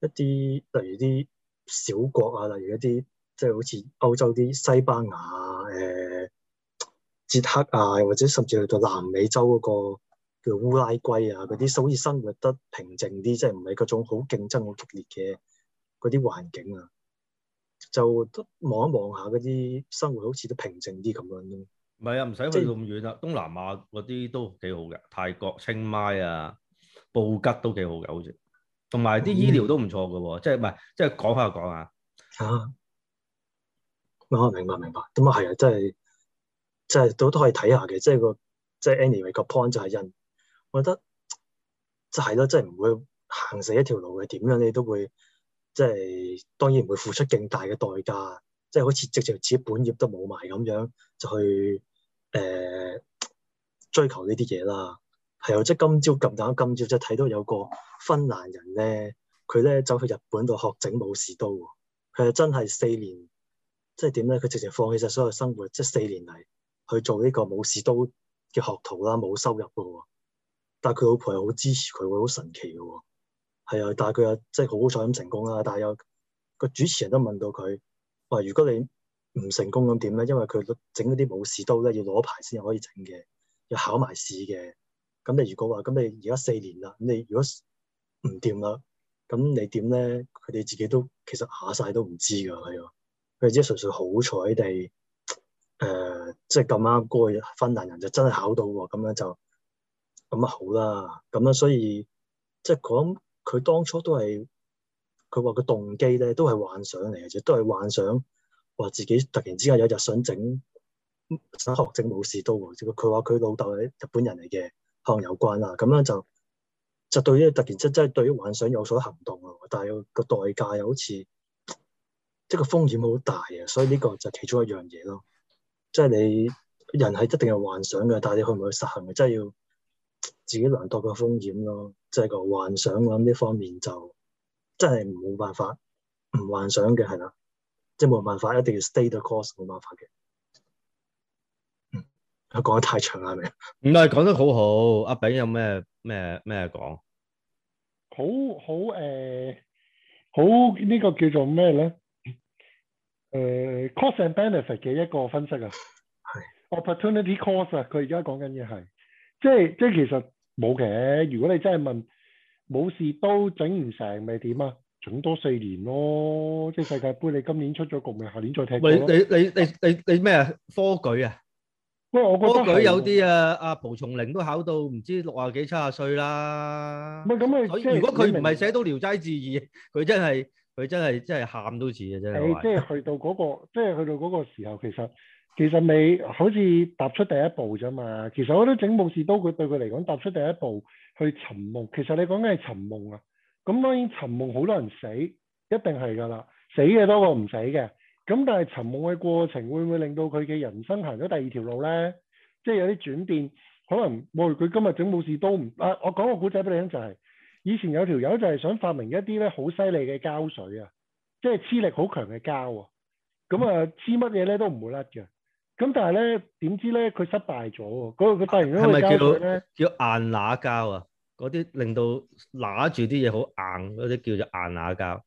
S3: 啲例如啲小國啊，例如一啲即係好似歐洲啲西班牙誒。欸捷克啊，或者甚至去到南美洲嗰個叫烏拉圭啊，嗰啲所以生活得平靜啲，即係唔係嗰種好競爭好激烈嘅嗰啲環境啊，就都望一望下嗰啲生活好似都平靜啲咁樣咯。
S2: 唔係啊，唔使去咁遠啊。即東南亞嗰啲都幾好嘅，泰國清邁啊、布吉都幾好嘅，好似，同埋啲醫療都唔錯嘅，即係唔係？即係講開又講啊。
S3: 即係、啊，我明白明白，咁啊係啊，真、就、係、是。即係即係即係即係都都可以睇下嘅，即係個即係 anyway 個 point 就係因。我覺得就係咯，即係唔會行死一條路嘅，點樣你都會即係當然唔會付出勁大嘅代價，即係好似直接自己本業都冇埋咁樣，就去誒、呃、追求呢啲嘢啦。係啊，即係今朝撳打今朝，即係睇到有個芬蘭人咧，佢咧走去日本度學整武士刀喎。佢係真係四年，即係點咧？佢直接放棄晒所有生活，即係四年嚟。去做呢個武士刀嘅學徒啦，冇收入噶喎。但係佢老婆又好支持佢喎，好神奇噶喎。係啊，但係佢又即係好彩咁成功啦。但係有個主持人都問到佢，喂，如果你唔成功咁點咧？因為佢整嗰啲武士刀咧，要攞牌先可以整嘅，要考埋試嘅。咁你如果話咁你而家四年啦，咁你如果唔掂啦，咁你點咧？佢哋自己都其實下晒都唔知㗎，係啊。佢哋只係純粹好彩地。誒、呃，即係咁啱，個芬蘭人就真係考到喎，咁樣就咁啊，好啦，咁啊，所以即係講佢當初都係佢話個動機咧，都係幻想嚟嘅，都係幻想話自己突然之間有日想整想學整武士刀。佢話佢老豆係日本人嚟嘅，可能有關啦。咁樣就就對於突然之間即係對於幻想有所行動啊，但係、個代價又好似即係、個風險好大啊，所以呢個就其中一樣嘢咯。即係你人係一定有幻想嘅，但係你去唔去實行嘅，真係要自己量度個風險咯。即係個幻想咁呢方面就真係冇辦法唔幻想嘅，係啦，即係冇辦法一定要 stay the course，冇辦法嘅。佢、嗯、講得太長啦，係咪？
S2: 唔係講得好好， 阿炳有咩咩咩講？
S3: 好好
S4: 誒、呃，好呢、呢個叫做咩咧？誒，cost and benefit 嘅一個分析啊，係 opportunity cost 啊，佢而家講緊嘅係，即係即係其實冇嘅。如果你真係問，冇事都整唔成，咪點啊？整多四年咯，即係世界杯，你今年出咗局，咪下年再踢。喂，
S2: 你你你你你咩啊？科舉
S4: 啊？不過我覺得科舉有啲
S2: 啊，阿蒲松齡都考到唔知六啊幾七啊歲啦。咁啊
S4: 咁啊，所以如果佢唔
S2: 係寫到《聊齋志異》，佢真係。佢真係真係喊都似嘅，真係。哎、真即
S4: 係去到嗰、嗰個， 即係去到嗰個時候，其實其實你好似踏出第一步啫嘛。其實我都整武士刀，佢對佢嚟講踏出第一步去尋夢。其實你講緊係尋夢啊。咁當然尋夢好多人死，一定係噶啦，死嘅多過唔死嘅。咁但係尋夢嘅過程會唔會令到佢嘅人生行咗第二條路咧？即係有啲轉變，可能我佢、哎、今日整武士刀唔啊，我講個古仔俾你聽就係、是。以前有條友就係想發明一啲咧好犀利嘅膠水啊，即係黐力好強嘅膠喎，咁啊黐乜嘢咧都唔會甩嘅。咁但係咧點知咧佢失敗咗喎。嗰個佢突然嗰個膠水咧叫，
S2: 呢叫硬乸膠啊，嗰啲令到乸住啲嘢好硬嗰啲叫做硬乸膠。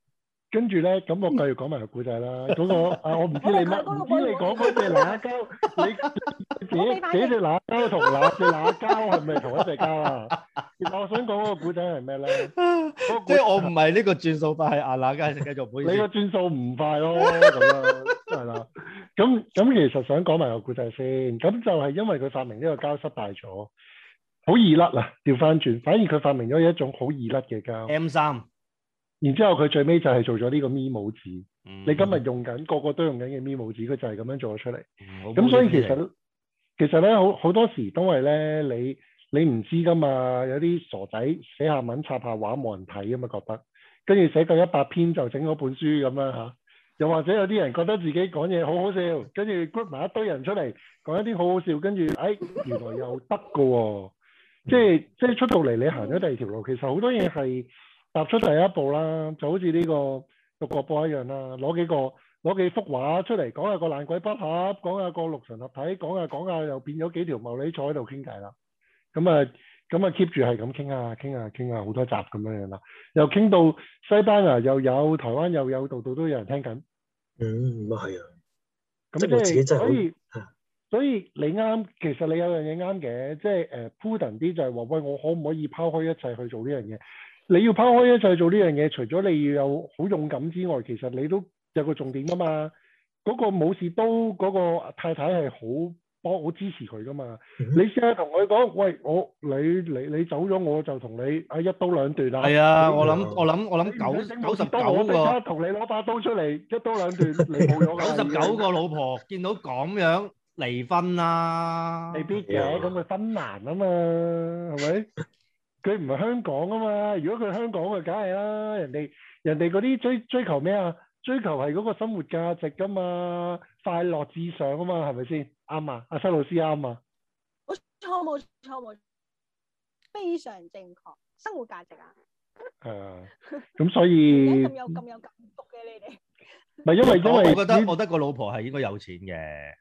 S4: 跟住咧，咁我繼續講埋個古仔啦。嗰個啊，我唔知你乜，唔 知你講嗰個硬乸膠你。 幾幾隻乸膠同乸隻乸膠係咪同一隻膠啊？ 其實我想講個古仔係咩咧？即係我唔係呢個轉數快啊！乸膠，繼續唔好你個轉數唔快咯，咁樣係啦。咁咁 其實想講埋個古仔先。咁就係因為佢發明呢個膠失敗咗，好易甩啊！調翻轉，反而佢發明咗一種好易甩嘅膠。M 三 3.。然之後佢最尾就係做咗呢個 memo 紙、mm hmm. 你今日用緊個個都用緊嘅 memo 紙佢就係咁樣做咗出嚟。嗯、mm。咁、hmm. 所以其實。其實咧，好好多時都係咧，你你唔知噶嘛，有啲傻仔寫下文，插下畫冇人睇噶嘛，覺得跟住寫夠一百篇就整咗本書咁啦嚇。又或者有啲人覺得自己講嘢好好笑，跟住 group 埋一堆人出嚟講一啲好好笑，跟住哎原來又得噶喎，即係即係出到嚟你行咗第二條路。其實好多嘢係踏出第一步啦，就好似呢個六國波一樣啦，攞幾個。攞幾幅畫出嚟，講下個爛鬼筆盒，講下個六神合體，講下講下又變咗幾條茂利坐喺度傾偈啦。咁啊，咁啊 keep 住係咁傾下傾下傾啊，好多集咁樣樣啦。又傾到西班牙又有,又有，台灣又有，度度都有人聽緊。嗯，咁啊係啊。咁所以，所以你啱，其實你有樣嘢啱嘅，即係誒 prudent 啲就係、是、話、uh, 就是、喂，我可唔可以拋開一切去做呢樣嘢？你要拋開一切去做呢樣嘢，除咗你要有好勇敢之外，其實你都～有個重點噶嘛，嗰個武士刀嗰個太太係好幫好支持佢噶嘛。你試下同佢講，喂，我你你你走咗我就同你係一刀兩斷啊！係啊，我諗我諗我諗九九十九個同你攞把刀出嚟，一刀兩斷，你冇咗九十九個
S2: 老婆，見到咁樣離婚啊，未必嘅咁
S4: 佢分難啊嘛，係咪？佢唔係香港啊嘛，如果佢香港嘅梗係啦，人哋人哋嗰啲追追求咩啊？追求係嗰個生活價值噶嘛，快樂至上啊嘛，係咪先？啱啊，阿西老師啱啊。
S1: 我錯冇錯，冇，非常正確。生活價值啊。誒。咁所以。咁有咁
S4: 有感觸嘅你哋。
S2: 唔係因為我覺得，我覺得個老婆係應該有錢嘅。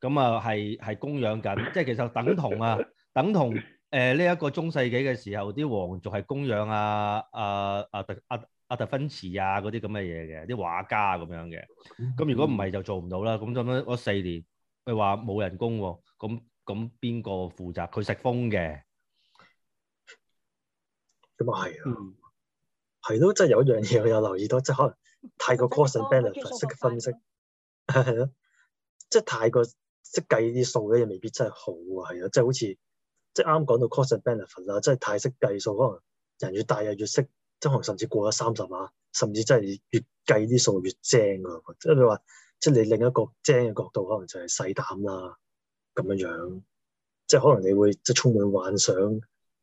S2: 咁啊，係係供養緊，即係其實等同啊，等同誒呢一個中世紀嘅時候，啲皇族係供養啊啊啊啊！阿特芬茨啊，嗰啲咁嘅嘢嘅，啲畫家啊咁樣嘅，咁如果唔係就做唔到啦。咁咁樣四年，佢話冇人工喎，咁咁邊個負責？佢食風嘅，
S3: 咁啊係啊，係咯、嗯，即係有一樣嘢我有留意到，即係可能太過 cost and benefit 分析，嗯、分析係咯， 即係太過識計啲數嘅，又未必真係好啊。係啊，即係好似即係啱講到 cost and benefit 啦，即係太識計數，可能人越大又越識。即可能甚至過咗三十啊！甚至真係越計啲數越精啊、就是！即係你話，即係你另一個精嘅角度，可能就係細膽啦，咁樣樣，即係可能你會即係充滿幻想，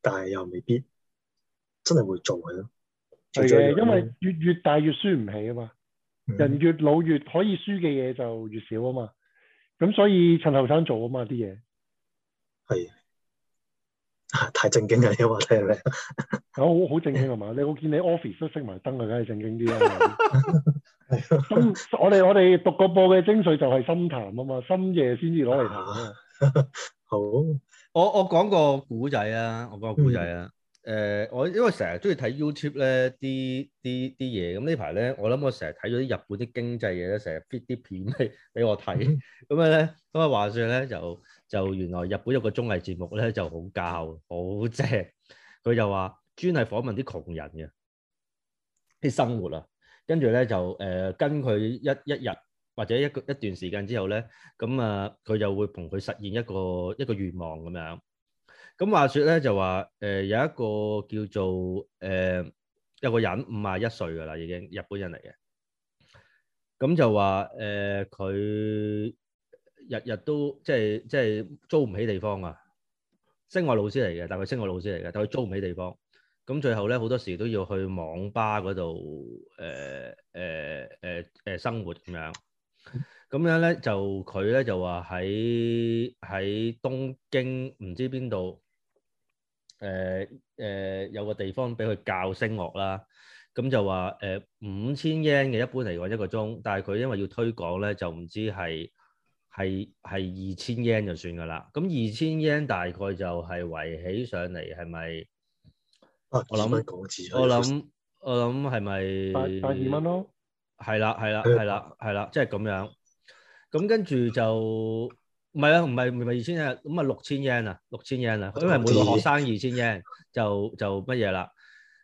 S3: 但係又未必真係會做嘅。係的因為
S4: 越越大越輸唔起啊嘛！嗯、人越老越可以輸嘅嘢就越少啊嘛！咁所以趁後生做啊嘛啲嘢，係。
S3: 太正經嘅，呢個話題嚟。
S4: 我好好正經啊嘛，你我見你 office 都熄埋燈啊，梗係正經啲啦。嘛！我哋我哋讀個播嘅精髓就係深談啊嘛，深夜先至攞嚟談啊。 好，
S2: 我我講個古仔啊，我講個古仔啊。誒、嗯呃，我因為成日中意睇 YouTube 咧，啲啲啲嘢咁呢排咧，我諗我成日睇咗啲日本啲經濟嘢咧，成日 fit 啲片俾俾我睇，咁、嗯、樣咧咁啊，話說咧就。就原來日本有個綜藝節目咧，就好教好正。佢就話專係訪問啲窮人嘅啲生活啊。跟住咧就誒跟佢一一日或者一個一段時間之後咧，咁啊佢就會同佢實現一個一個願望咁樣。咁話説咧就話誒有一個叫做誒有個人五十一歲㗎喇，已經日本人嚟嘅，咁就話誒佢。日日都即係即係租唔起地方啊！聲樂老師嚟嘅，但佢聲樂老師嚟嘅，但佢租唔起地方咁，最後咧好多時都要去網吧嗰度誒誒誒誒生活咁樣咁樣咧，就佢咧就話喺喺東京唔知邊度誒誒有個地方俾佢教聲樂啦。咁就話誒五千 yen 嘅，一般嚟講一個鐘，但係佢因為要推廣咧，就唔知係。係係二千 yen 就算噶啦，咁二千 yen 大概就係圍起上嚟係咪？
S3: 我諗我諗
S2: 我諗係咪百百二蚊
S3: 咯？
S2: 係啦係啦係啦係啦，即係咁樣。咁跟住就唔係啊，唔係唔係二千啊，咁啊六千 yen 啊，六千 yen 啊，因為每個學生二千 yen 就就乜嘢啦。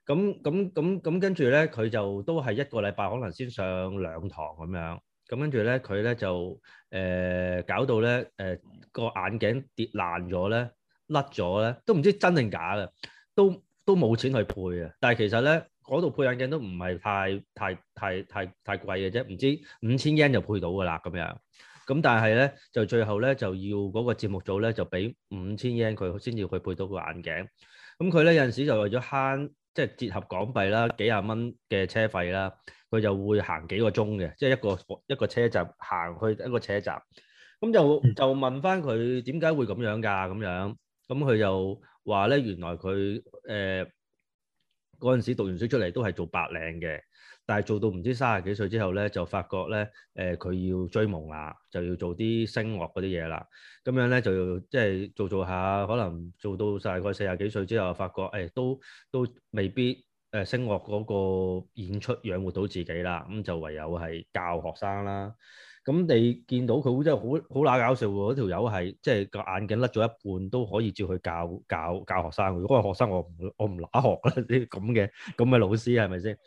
S2: 咁咁咁咁跟住咧，佢就都係一個禮拜可能先上兩堂咁樣。咁跟住咧，佢咧就誒、呃、搞到咧誒、呃、個眼鏡跌爛咗咧，甩咗咧，都唔知真定假嘅，都都冇錢去配啊！但係其實咧，嗰度配眼鏡都唔係太太太太太貴嘅啫，唔知五千日圓就配到㗎啦咁樣。咁但係咧，就最後咧就要嗰個節目組咧就俾五千日圓佢先至去配到個眼鏡。咁佢咧有陣時就為咗慳，即、就、係、是、折合港幣啦，幾十蚊嘅車費啦。佢就會行幾個鐘嘅，即係一個一個車站行去一個車站，咁就就問翻佢點解會咁樣噶？咁樣，咁佢就話咧，原來佢誒嗰陣時讀完書出嚟都係做白領嘅，但係做到唔知三十幾歲之後咧，就發覺咧誒佢要追夢啦，就要做啲聲樂嗰啲嘢啦。咁樣咧就即係做做下，可能做到大概四十幾歲之後，發覺誒都都未必。誒聲樂嗰個演出養活到自己啦，咁就唯有係教學生啦。咁你見到佢好真係好好乸搞笑喎，條友係即係個、就是、眼鏡甩咗一半都可以照去教教教學生。如果係學生，我唔我唔乸學啦啲咁嘅咁嘅老師係咪先？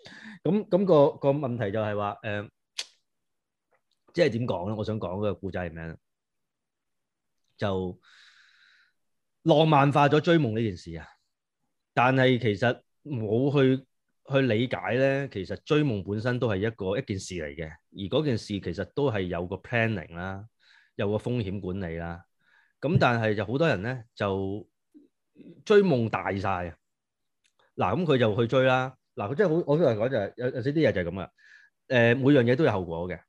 S2: 咁咁、嗰個問題就係話誒，即係點講咧？我想講個故仔係咩咧？就浪漫化咗追夢呢件事啊！但係其實冇去去理解咧，其實追夢本身都係一個一件事嚟嘅，而嗰件事其實都係有個 planning 啦，有個風險管理啦。咁但係就好多人咧就追夢大曬，嗱咁佢就去追啦。嗱佢真係好，我咁嚟講就係、是、有有啲啲嘢就係咁啊。誒、呃、每樣嘢都有後果嘅，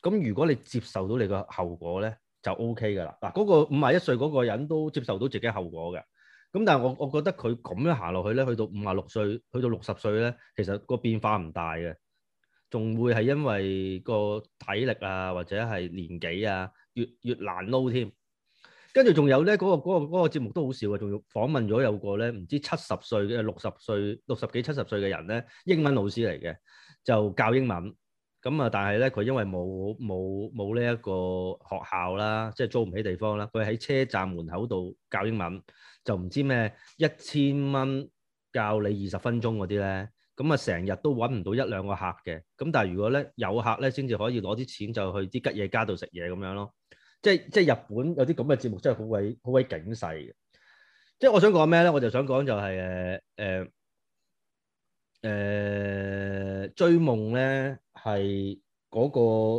S2: 咁如果你接受到你個後果咧，就 O K 噶啦。嗱嗰、那個五十一歲嗰個人都接受到自己後果嘅。咁但係我我覺得佢咁樣行落去咧，去到五十六歲，去到六十歲咧，其實個變化唔大嘅，仲會係因為個體力啊或者係年紀啊越越難撈添。跟住仲有咧嗰個嗰個嗰個節目都好笑啊！仲訪問咗有個咧唔知七十歲嘅六十歲六十幾七十歲嘅人咧，英文老師嚟嘅，就教英文。咁啊，但係咧佢因為冇冇冇呢一個學校啦，即係租唔起地方啦，佢喺車站門口度教英文。就唔知咩一千蚊教你二十分鐘嗰啲咧，咁啊成日都揾唔到一兩個客嘅。咁但係如果咧有客咧，先至可以攞啲錢就去啲吉野家度食嘢咁樣咯。即係即係日本有啲咁嘅節目真，真係好鬼好鬼警世嘅。即係我想講咩咧？我就想講就係誒誒誒追夢咧，係嗰、嗰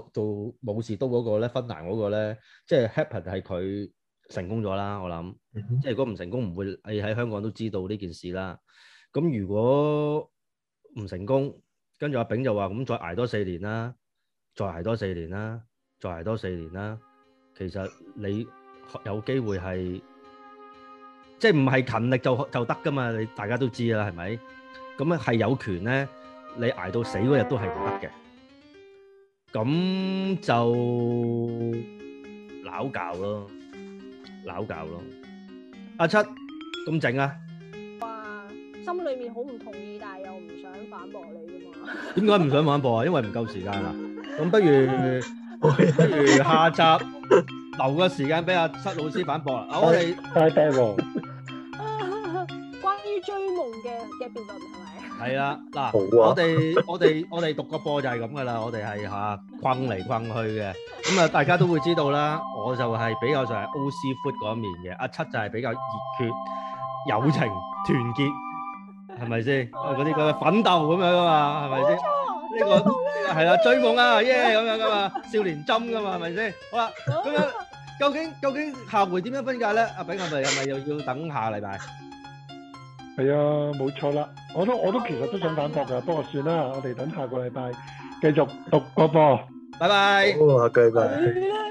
S2: 個做武士刀嗰個咧，芬蘭嗰個咧，即係 Happen 係佢成功咗啦，我諗。即係如果唔成功，唔會，喺香港都知道呢件事啦。咁如果唔成功，跟住阿炳就話咁，再挨多四年啦，再挨多四年啦，再挨多四年啦。其實你有機會係，即係唔係勤力就就得噶嘛？你大家都知啦，係咪？咁啊係有權咧，你挨到死嗰日都係唔得嘅。咁就拗教咯，拗教咯。阿七，咁整啊？哇，心
S1: 裏面好唔同意，但係又唔想反駁你噶嘛？點解
S2: 唔想反駁啊？因為唔夠時間啦。咁不如，不如下集留個時間俾阿七老師反駁啦。我哋拜拜，
S1: 關於追夢嘅嘅辯論係咪？
S2: 係啦，嗱，我哋我哋我哋讀個波就係咁噶啦，我哋係吓框嚟框去嘅，咁啊大家都會知道啦，我就係比較就係 Oscar 嗰一面嘅，阿七就係比較熱血、友情、團結，係咪先？嗰啲個奮鬥咁樣噶嘛，係咪先？
S3: 呢個係啊，追夢啊，耶咁樣噶嘛，
S2: 少年針噶嘛，係咪先？好啦，
S3: 咁樣
S2: 究竟究竟下回點樣分界咧？阿炳係咪係咪又要等下
S4: 禮拜？係啊，冇錯啦，我都我都其實都想反駁噶，不過算啦，我哋等下個禮拜繼續讀個播 bye bye，
S2: 哦，拜拜，好啊，拜拜。